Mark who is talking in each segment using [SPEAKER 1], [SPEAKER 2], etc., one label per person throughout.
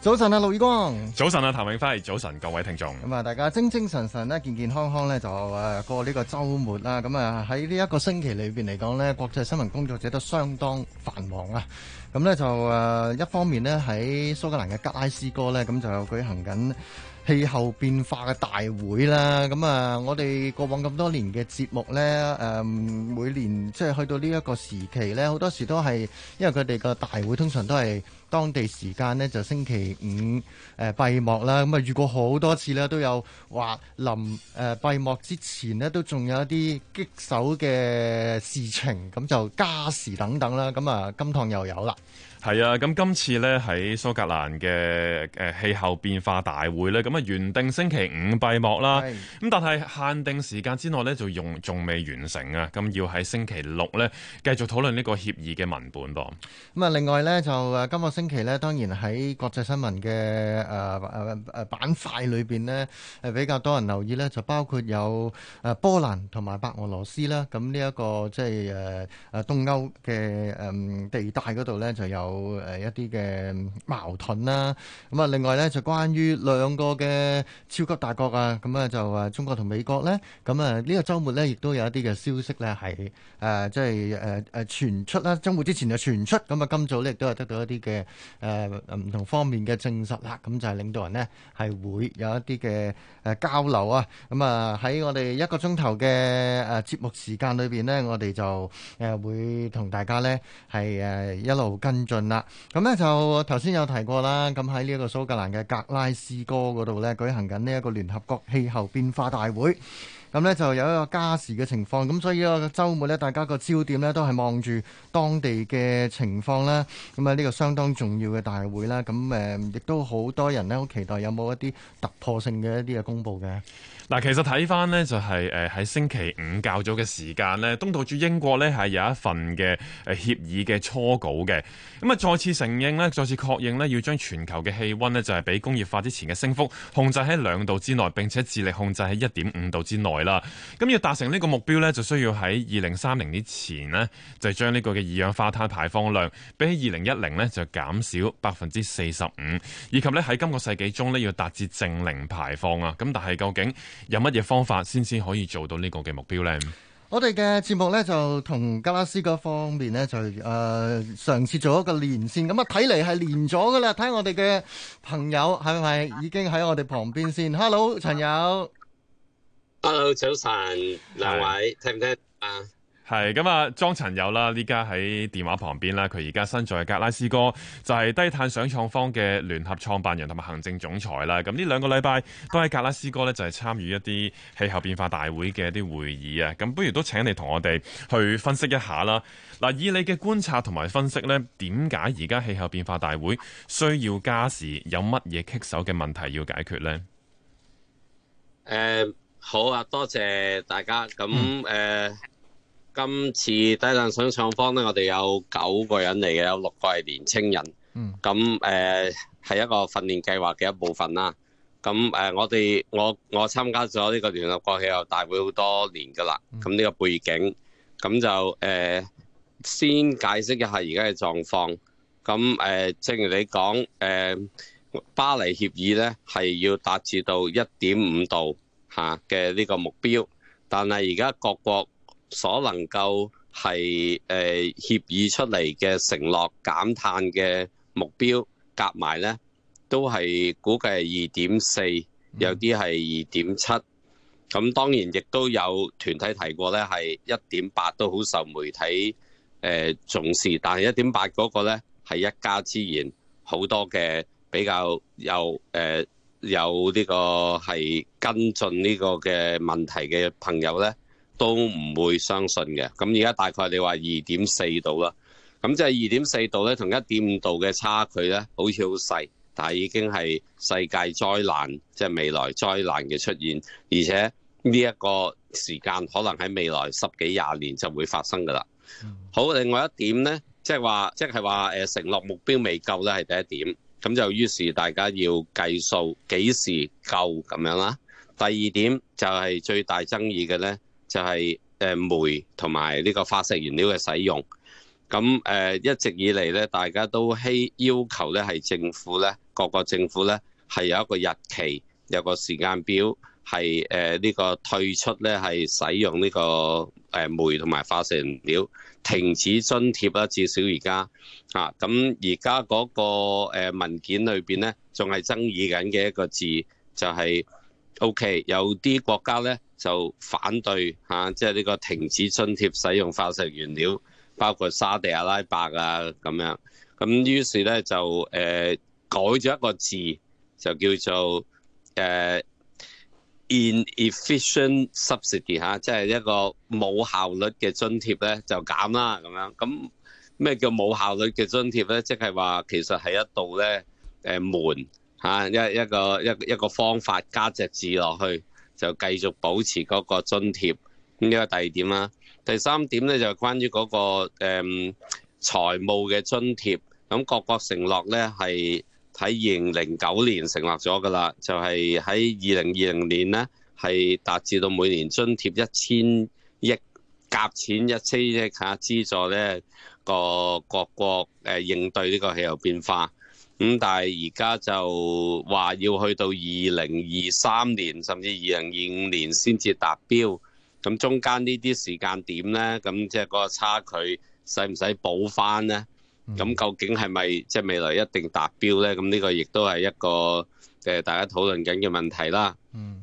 [SPEAKER 1] 早晨啊，陸以光。早晨啊，譚永輝。早晨，各位聽眾。
[SPEAKER 2] 咁啊，大家精精神神咧，健健康康咧，就誒過呢個周末啦。咁啊喺呢一個星期裏邊嚟講咧，國際新聞工作者都相當繁忙啊。咁咧就誒，一方面咧喺蘇格蘭嘅格拉斯哥咧，咁就舉行緊。氣候變化嘅大會啦，咁啊，我哋過往咁多年嘅節目呢，誒、嗯、每年即係、就是、去到呢一個時期呢，好多時都係因為佢哋個大會通常都係當地時間呢，就星期五誒閉、呃、幕啦，咁啊遇過好多次呢，都有話臨誒閉幕之前呢，都仲有一啲棘手嘅事情，咁就加時等等啦，咁啊今趟又有啦。
[SPEAKER 1] 係啊，咁今次咧喺蘇格蘭嘅誒氣候變化大會咧，咁、呃、啊原定星期五閉幕啦，咁是但係限定時間之內咧就用仲未完成啊，咁要喺星期六咧繼續討論呢個協議嘅文本噃。
[SPEAKER 2] 咁啊，另外咧就誒、呃、今個星期咧，當然喺國際新聞嘅誒誒誒板塊裏邊咧，誒比較多人留意咧，就包括有誒、呃、波蘭同埋白俄羅斯啦，咁呢一個即係誒誒東歐嘅誒地帶嗰度咧就有。有誒一啲嘅矛盾啦，咁啊，另外咧就關於兩個嘅超級大國啊，咁啊就誒中國同美國咧，咁啊呢個周末咧亦都有一啲嘅消息咧係誒即係誒誒傳出啦，周末之前就傳出，咁啊今早咧亦都係得到一啲嘅誒唔同方面嘅證實啦，咁就係領導人咧係會有一啲嘅誒交流啊，咁啊喺我哋一個鐘頭嘅誒節目時間裏邊咧，我哋就誒會同大家咧係誒一路跟進。啦，咁咧就頭先有提過啦，咁喺呢一個蘇格蘭嘅格拉斯哥嗰度咧舉行緊呢一個聯合國氣候變化大會。咁呢就有一個加時嘅情況，咁所以呢個周末呢，大家個焦點呢都係望住當地嘅情況啦，咁啊，呢個相當重要嘅大會啦，咁誒亦都好多人呢好期待有冇一啲突破性嘅一啲嘅公布嘅。
[SPEAKER 1] 嗱，其實睇翻，呢就係誒喺星期五較早嘅時間呢，東道主英國呢係有一份嘅誒協議嘅初稿嘅，咁啊再次承認呢再次確認呢要將全球嘅氣溫呢就係比工業化之前嘅升幅控制喺兩度之內，並且致力控制喺一點五度之內。係啦，咁要達成呢個目標咧，就需要喺二零三零年前呢，就將呢個嘅二氧化碳排放量比起二零一零呢，就減少百分之四十五，以及咧喺今個世紀中呢，要達至正零排放啊！咁但係究竟有乜嘢方法先至可以做到呢個嘅目標呢？
[SPEAKER 2] 我哋嘅節目咧就同格拉斯哥方面呢，就誒嘗試做一個連線，咁啊睇嚟係連咗噶啦，睇下我哋嘅朋友係咪已經喺我哋旁邊先？Hello，陳有。
[SPEAKER 3] hello，
[SPEAKER 1] 早晨兩位是聽唔聽啊？係咁啊，莊陳有啦，呢家喺電話旁邊啦。佢而家身在格拉斯哥，就係、是、低碳想創坊嘅聯合創辦人同埋行政總裁啦。咁呢兩個禮拜都喺格拉斯哥呢就係參與一啲氣候變化大會嘅啲會議啊。咁不如都請你同我哋去分析一下啦。嗱，以你嘅觀察同埋分析呢，點解而家氣候變化大會需要加時？有乜嘢棘手嘅問題要解決呢？誒、
[SPEAKER 3] 呃。好啊！多謝大家咁誒、嗯呃，今次低碳想創坊咧，我哋有九個人嚟嘅，有六個係年青人。咁誒係一個訓練計劃嘅一部分啦。咁誒、呃，我哋我我參加咗呢個聯合國氣候大會好多年噶啦。咁呢個背景咁就誒、呃，先解釋一下而家嘅狀況。咁誒、呃，正如你講，誒、呃、巴黎協議咧係要達至到一點五度。嚇嘅呢個目標，但係而家各國所能夠係誒、呃、協議出嚟嘅承諾減碳嘅目標，夾埋呢，都係估計係二點四，有啲係二點七。咁當然亦都有團體提過呢係一點八，都好受媒體誒、呃、重視。但係一點八嗰個呢係一家之言，好多嘅比較有誒、呃有呢個係跟進呢個嘅問題嘅朋友呢，都唔會相信嘅。咁而家大概你話二點四度啦，咁即係二點四度呢，同一點五度嘅差距呢，好似好細，但係已經係世界災難，即係未來災難嘅出現，而且呢一個時間可能喺未來十幾廿年就會發生㗎啦。好，另外一點呢，即係話，即係話誒，承諾目標未夠呢係第一點。咁就於是大家要計數幾時夠咁樣啦。第二點就係最大爭議嘅呢，就係誒煤同埋呢個化石燃料嘅使用。咁誒一直以嚟呢，大家都希要求呢係政府呢，各個政府呢係有一個日期，有個時間表。係誒呢個退出咧，係使用呢個誒煤同埋化石燃料停止津貼啦。至少而家嚇，咁，而家嗰個誒文件裏邊咧，仲係爭議緊嘅一個字，就係 OK 有啲國家咧就反對嚇，即係呢個停止津貼使用化石原料，包括沙地阿拉伯啊咁樣、啊。咁於是咧就誒、啊、改咗一個字，就叫做誒、啊。Inefficient subsidy 嚇，即係一個冇效率嘅津貼咧，就減啦咁樣。咁咩叫冇效率嘅津貼咧？即係話其實係一道咧，誒門嚇，一個一個一一個方法加隻字落去，就繼續保持嗰個津貼。呢個第二點啦，第三點咧就係關於嗰、嗰個誒、嗯、財務嘅津貼，咁各國承諾咧係。喺二零零九年成立咗㗎喇，就係喺二零二零年呢，係達至到每年津貼一千億夾錢一千億吓，資助呢個各國誒應對呢個氣候變化。咁但係而家就話要去到二零二三年甚至二零二五年先至達標，咁中間呢啲時間點呢？咁即係個差距使唔使補返呢？咁究竟係咪即係未來一定達標咧？咁呢個亦都係一個嘅大家討論緊嘅問題啦。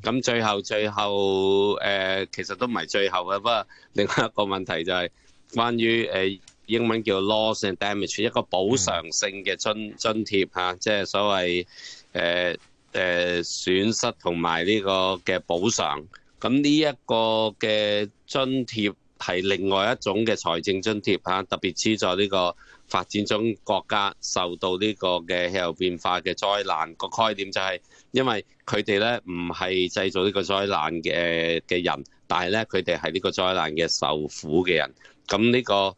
[SPEAKER 3] 咁最後最後誒、呃，其實都唔係最後嘅，不過另外一個問題就係關於誒英文叫 loss and damage，一個補償性嘅津津貼嚇，嗯、即係所謂誒誒、呃、損失同埋呢個嘅補償。咁呢一個嘅津貼。係另外一種嘅財政津貼吓，特別資助呢個發展中國家受到呢個嘅氣候變化嘅災難。嗰個概念就係因為佢哋咧唔係製造呢個災難嘅嘅人，但係咧佢哋係呢個災難嘅受苦嘅人。咁呢個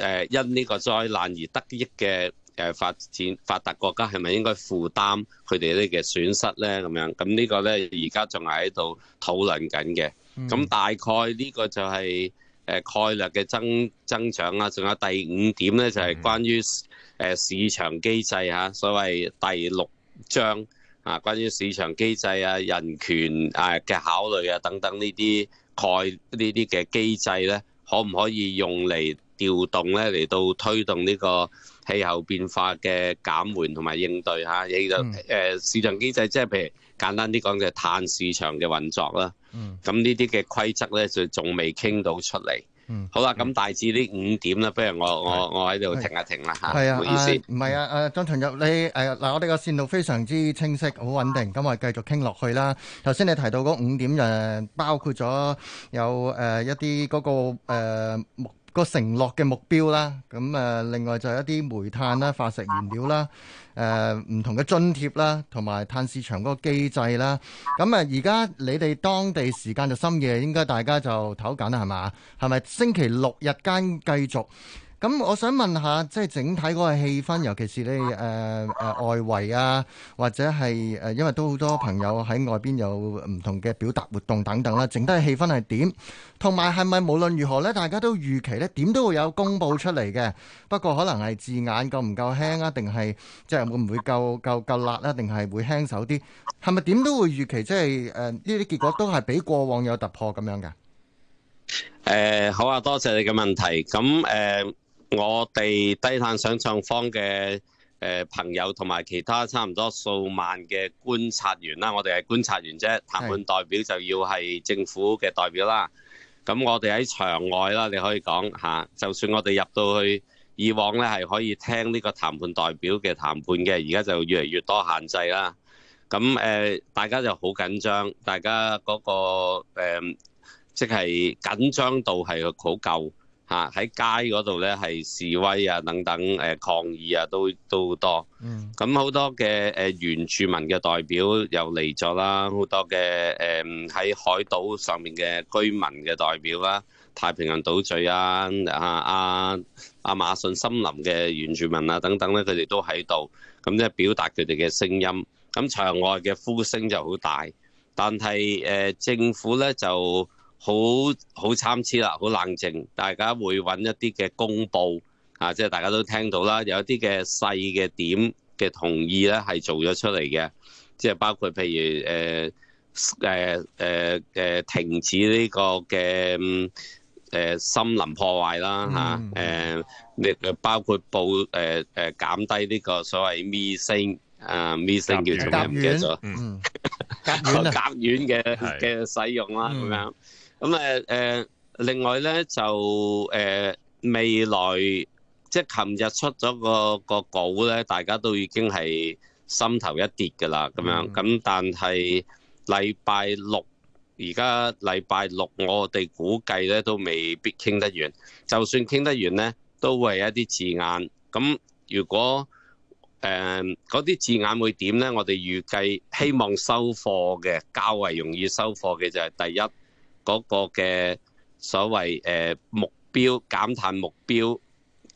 [SPEAKER 3] 誒因呢個災難而得益嘅誒發展發達國家係咪應該負擔佢哋呢嘅損失咧？咁樣咁呢個咧而家仲係喺度討論緊嘅。咁大概呢個就係誒概率嘅增增長啦，仲有第五點咧就係關於誒市場機制嚇，所謂第六章啊，關於市場機制啊、人權誒嘅考慮啊等等呢啲概呢啲嘅機制咧，可唔可以用嚟調動咧嚟到推動呢個氣候變化嘅減緩同埋應對嚇？亦就誒市場機制，即係譬如。簡單啲講嘅碳市場嘅運作啦，咁呢啲嘅規則咧就仲未傾到出嚟。嗯、好啦，咁大致呢五點啦。不如我是我我喺度停一停啦啊，唔的好意思，唔係啊，
[SPEAKER 2] 誒莊陳有你嗱，我哋個線路非常之清晰，好穩定，咁我繼續傾落去啦。頭先你提到嗰五點，誒包括咗有、呃、一啲嗰、嗰個誒、呃個承諾嘅目標啦，咁誒、呃，另外就係一啲煤炭啦、化石燃料啦，誒、呃、唔同嘅津貼啦，同埋碳市場嗰個機制啦。咁誒，而、呃、家你哋當地時間就深夜，應該大家就唞緊啦，係嘛？係咪星期六日間繼續？咁我想問下，即係整體嗰個氣氛，尤其係呢，誒誒外圍啊，或者係誒，因為都好多朋友喺外邊有唔同嘅表達活動等等啦。整體氣氛係點？同埋係咪無論如何呢，大家都預期呢點都會有公佈出嚟嘅？不過可能係字眼夠唔夠輕啊，定係即係會唔會夠夠夠辣啊？定係會輕手啲？係咪點都會預期，即係誒呢啲結果都係比過往有突破咁樣嘅？
[SPEAKER 3] 誒好啊！多謝你嘅問題。咁誒。我哋低碳想創坊嘅誒朋友同埋其他差唔多數萬嘅觀察員啦，我哋係觀察員啫，談判代表就要係政府嘅代表啦。咁是我哋喺場外啦，你可以講吓，就算我哋入到去，以往咧係可以聽呢個談判代表嘅談判嘅，而家就越嚟越多限制啦。咁誒、呃、大家就好緊張，大家嗰、嗰個誒，即係緊張到係好夠。就是嚇喺街嗰度咧係示威啊等等誒抗議啊都都多，咁好、嗯、多嘅誒原住民嘅代表又嚟咗啦，好多嘅誒喺海島上面嘅居民嘅代表啦，太平洋島嶼啊啊啊馬遜森林嘅原住民啊等等咧，佢哋都喺度，咁咧表達佢哋嘅聲音，咁場外嘅呼聲就好大，但係誒政府咧就。好好參差啦，好冷靜。大家會揾一啲嘅公布啊，即係大家都聽到啦，有一啲嘅細嘅點嘅同意咧，係做咗出嚟嘅。即係包括譬如、呃呃呃、停止呢個嘅誒、呃、森林破壞啦你、嗯啊、包括報、呃、減低呢個所謂 missing 啊 missing 叫做咩唔記得咗？甲烷，甲烷嘅使用啦，咁樣。咁誒誒另外咧，就誒、呃、未來即係琴日出咗個個稿咧，大家都已經係心頭一跌噶啦。咁樣咁，嗯、但係禮拜六而家禮拜六，拜六我哋估計咧都未必傾得完。就算傾得完咧，都會係一啲字眼。咁如果誒嗰啲字眼會點咧？我哋預計希望收貨嘅較為容易收貨嘅就係第一。嗰個嘅所謂誒，目標減碳目標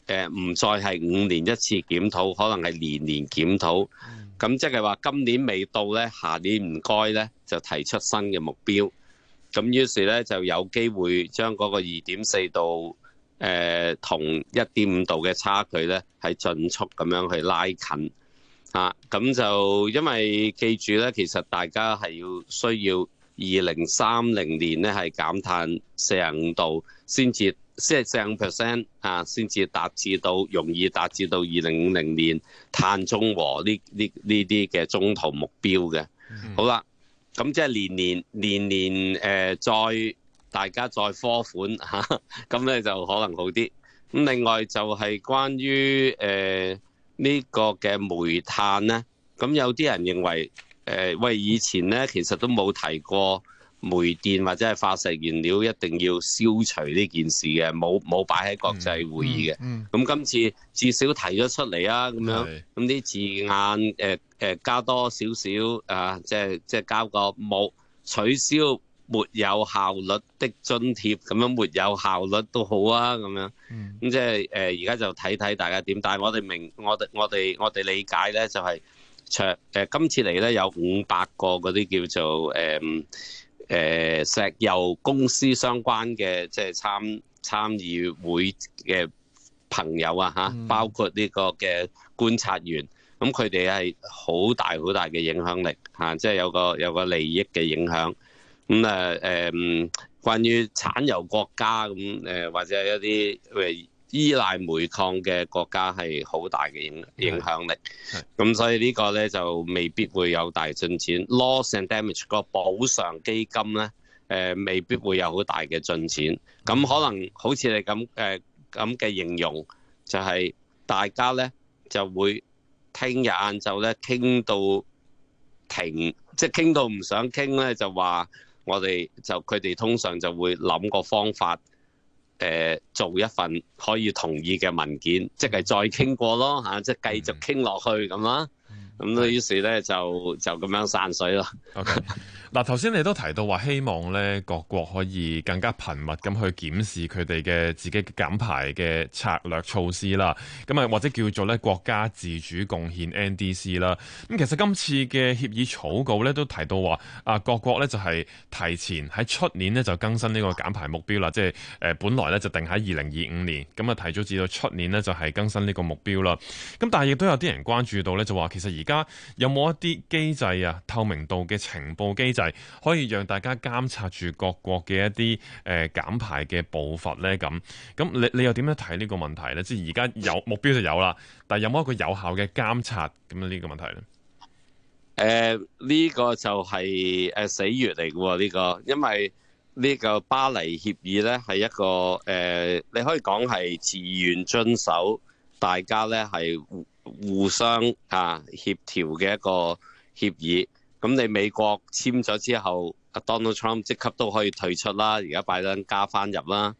[SPEAKER 3] 誒，唔再係五年一次檢討，可能係年年檢討。咁即係話今年未到呢，下年唔該呢就提出新嘅目標。咁於是呢就有機會將嗰個二點四度誒、呃、同一點五度嘅差距呢係盡速咁樣去拉近嚇。咁就因為記住呢，其實大家係要需要。二零三零年咧係減碳四十五度才，先至即係四十五 percent 啊，先至達至到容易達至到二零五零年碳中和呢呢呢啲嘅中途目標嘅。Mm hmm. 好啦，咁即係年年年年誒、呃、再大家再科款嚇，咁咧就可能好啲。咁另外就係關於誒呢、呃呢個嘅煤炭咧，咁有啲人認為。誒、呃，喂！以前咧，其實都冇提過煤電或者係化石燃料一定要消除呢件事嘅，冇冇擺喺國際會議嘅。咁今、嗯嗯、次至少提咗出嚟啊，咁樣咁啲是字眼，誒、呃、誒、呃，加多少少啊？即係即係交個冇取消，沒有效率的津貼，咁樣沒有效率都好啊，咁樣。咁、嗯、即係誒，而、呃、家就睇睇大家點。但係我哋明，我哋我哋我哋理解咧，就係、是。卓今次嚟咧，有五百個嗰啲叫做誒誒、嗯、石油公司相關嘅，即係參參議會嘅朋友啊嚇，包括呢個嘅觀察員，咁佢哋係好大好大嘅影響力嚇，即係有個有個利益嘅影響，咁啊誒關於產油國家咁誒或者係一啲誒。依賴煤礦嘅國家係好大嘅影影響力，咁所以呢個咧就未必會有大進展。Loss and damage 個補償基金咧，誒未必會有好大嘅進展。咁是的 可能好似你咁誒咁嘅形容，就係大家咧就會聽日晏晝咧傾到停，即係傾到唔想傾咧，就話我哋就佢哋通常就會諗個方法。誒做一份可以同意嘅文件，即係再傾過咯吓，即係繼續傾落去咁啦。咁於是咧就就咁樣散水咯。Okay，
[SPEAKER 1] 嗱，頭先你都提到話希望咧各國可以更加頻密咁去檢視佢哋嘅自己減排嘅策略措施啦。咁啊或者叫做咧國家自主貢獻 NDC 啦。咁其實今次嘅協議草稿咧都提到話啊，各國咧就係提前喺出年呢就更新呢個減排目標啦。即係誒，本來咧就定喺二零二五年，咁啊提早至到出年呢就係更新呢個目標啦。咁但係亦都有啲人關注到咧，就話其實而家在有冇一啲機制啊？透明度嘅情報機制，可以讓大家監察住各國嘅一啲誒減排嘅步伐呢？咁咁，你你又點樣睇呢個問題呢？即係而家有目標就有啦，但係有冇一個有效嘅監察咁樣呢個問題呢？誒、
[SPEAKER 3] 呃、呢、這個就係、是、誒、呃、死穴嚟嘅呢個，因為呢個巴黎協議呢，係一個誒、呃，你可以講係自願遵守，大家呢係。.互相啊協調嘅一個協議，咁你美國簽咗之後，阿 Donald Trump 即刻都可以退出啦，而家拜登加翻入啦。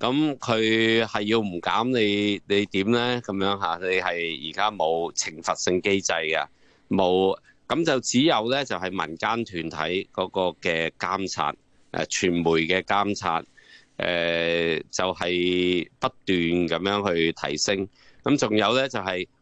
[SPEAKER 3] 咁佢係要唔減你，你點咧？咁樣吓，你係而家冇懲罰性機制嘅，冇咁就只有咧就係、是、民間團體嗰個嘅監察，誒傳媒嘅監察，誒、呃、就係、是、不斷咁樣去提升。咁仲有咧就係、是。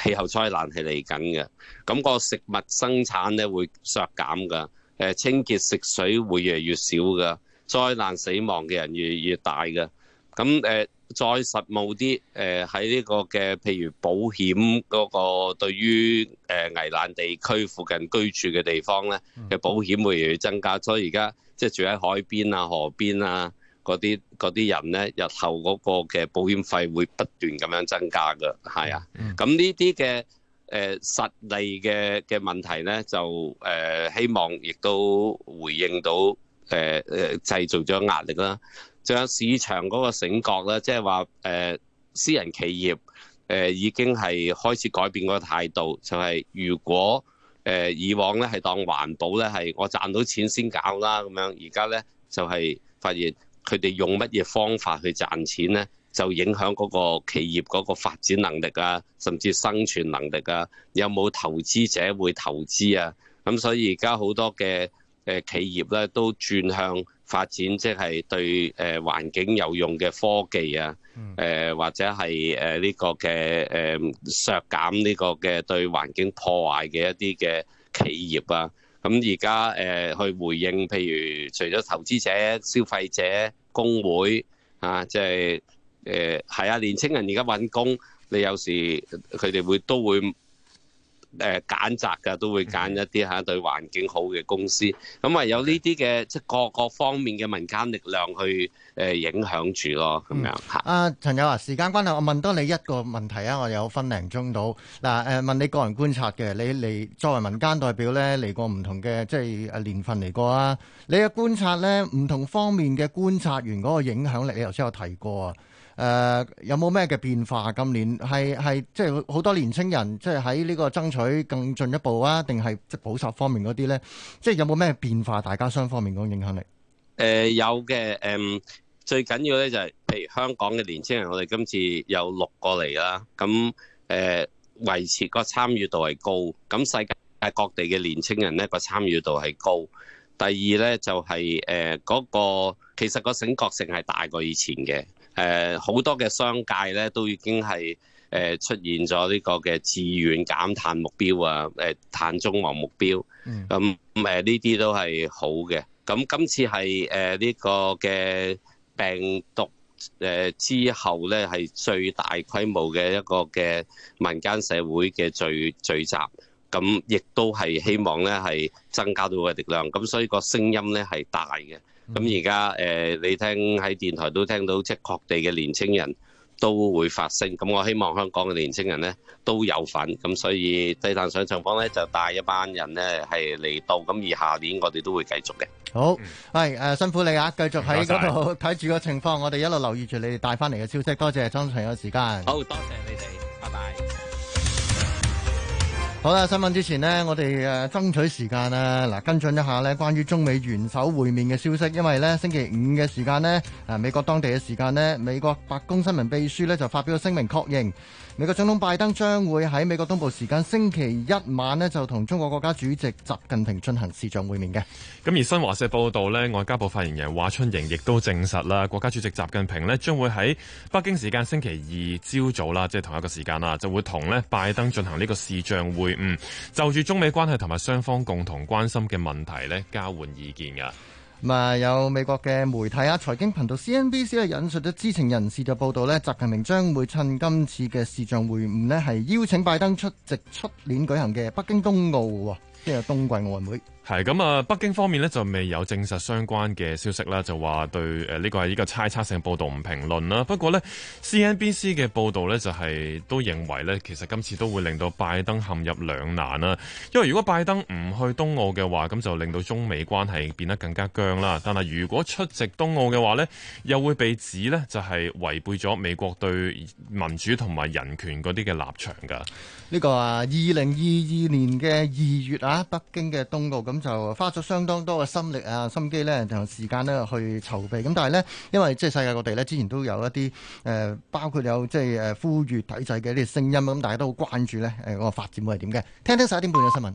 [SPEAKER 3] 氣候災難係嚟緊嘅，咁、那個食物生產咧會削減噶，誒清潔食水會越嚟越少噶，災難死亡嘅人越嚟越大噶，咁誒再實務啲，誒喺呢個嘅譬如保險嗰、那個對於誒危難地區附近居住嘅地方咧嘅保險會越來越增加，所以而家即係住喺海邊啊、河邊啊。嗰啲嗰啲人咧，日後嗰個嘅保險費會不斷咁樣增加噶，係啊。咁呢啲嘅誒實例嘅嘅問題咧，就誒、呃、希望亦都回應到誒誒製造咗壓力啦，仲有市場嗰個醒覺啦，即係話誒私人企業誒、呃、已經係開始改變個態度，就係、是、如果誒、呃、以往咧係當環保咧係我賺到錢先搞啦咁樣而家咧就係、是、發現。佢哋用乜嘢方法去賺錢呢？就影響嗰個企業嗰個發展能力啊，甚至生存能力啊。有冇投資者會投資啊？咁所以而家好多嘅誒企業咧，都轉向發展即係、就是、對誒環境有用嘅科技啊，誒、嗯、或者係誒呢個嘅誒削減呢個嘅對環境破壞嘅一啲嘅企業啊。咁而家誒去回應，譬如除咗投資者、消費者、工會啊，即係誒係啊，年輕人而家搵工，你有時佢哋會都會。誒揀擇㗎，都會揀一啲嚇對環境好嘅公司。咁啊、嗯，有呢啲嘅即係各個方面嘅民間力量去誒影響住咯，咁樣嚇。
[SPEAKER 2] 啊、呃，陳有啊，時間關係，我問多你一個問題啊。我有分零鐘到嗱誒，問你個人觀察嘅，你嚟作為民間代表咧，嚟過唔同嘅即係年份嚟過啊。你嘅觀察咧，唔同方面嘅觀察員嗰個影響力，你頭先有提過啊。誒、呃、有冇咩嘅變化？今年係係即係好多年青人，即係喺呢個爭取更進一步啊，定係即補習方面嗰啲咧？即係有冇咩變化？大家雙方面嗰個影響力
[SPEAKER 3] 誒、呃、有嘅誒、嗯，最緊要咧就係譬如香港嘅年青人，我哋今次有六個嚟啦。咁誒、呃、維持個參與度係高咁，世界各地嘅年青人咧個參與度係高。第二咧就係誒嗰個其實個醒覺性係大過以前嘅。誒好、呃、多嘅商界咧，都已經係誒、呃、出現咗呢個嘅自願減碳目標啊，誒、呃、碳中和目標，咁誒呢啲都係好嘅。咁今次係誒呢個嘅病毒誒、呃、之後咧，係最大規模嘅一個嘅民間社會嘅聚聚集，咁亦都係希望咧係增加到嘅力量，咁所以個聲音咧係大嘅。咁而家誒，你聽喺電台都聽到，即確地即係各地嘅年輕人都會發聲。咁我希望香港嘅年輕人咧都有份。咁所以低碳想創坊咧就帶一班人咧係嚟到。咁而下年我哋都會繼續嘅。
[SPEAKER 2] 好，係誒、嗯呃、辛苦你啊！繼續喺嗰度睇住個情況，謝我哋一路留意住你哋帶翻嚟嘅消息。多謝莊陳有時間，好多謝你哋。好啦，新聞之前呢，我哋誒爭取時間啦，嗱跟進一下呢，關於中美元首會面嘅消息，因為呢星期五嘅時間呢，美國當地嘅時間呢，美國白宮新聞秘書呢就發表咗聲明確認。美國總統拜登將會喺美國東部時間星期一晚就同中國國家主席習近平進行視像會面嘅。
[SPEAKER 1] 咁而新華社報道外交部發言人華春瑩亦都證實啦，國家主席習近平咧將會喺北京時間星期二朝早啦，即係同一個時間就會同拜登進行呢個視像會晤，就住中美關係同埋雙方共同關心嘅問題交換意見噶。
[SPEAKER 2] 啊、嗯，有美國嘅媒體啊，財經頻道 CNBC 咧、啊、引述咗知情人士嘅報道咧，習近平將會趁今次嘅視像會晤咧，係邀請拜登出席出年舉行嘅北京冬奧，即係、就是、冬季奧運會。
[SPEAKER 1] 係咁啊！北京方面呢就未有證實相關嘅消息啦，就話對誒呢、呃這個係呢個猜測性的報道唔評論啦。不過呢 CNBC 嘅報道呢就係、是、都認為呢，其實今次都會令到拜登陷入兩難啦。因為如果拜登唔去冬奧嘅話，咁就令到中美關係變得更加僵啦。但係如果出席冬奧嘅話呢，又會被指呢就係違背咗美國對民主同埋人權嗰啲嘅立場㗎。呢
[SPEAKER 2] 個啊，二零二二年嘅二月啊，北京嘅冬奧咁就花咗相當多嘅心力啊、心機咧同時間呢去籌備，咁但係咧，因為即係世界各地咧，之前都有一啲誒、呃，包括有即係誒呼籲體制嘅一啲聲音咁、嗯、大家都好關注咧誒，個發展會係點嘅。聽聽十一點半嘅新聞。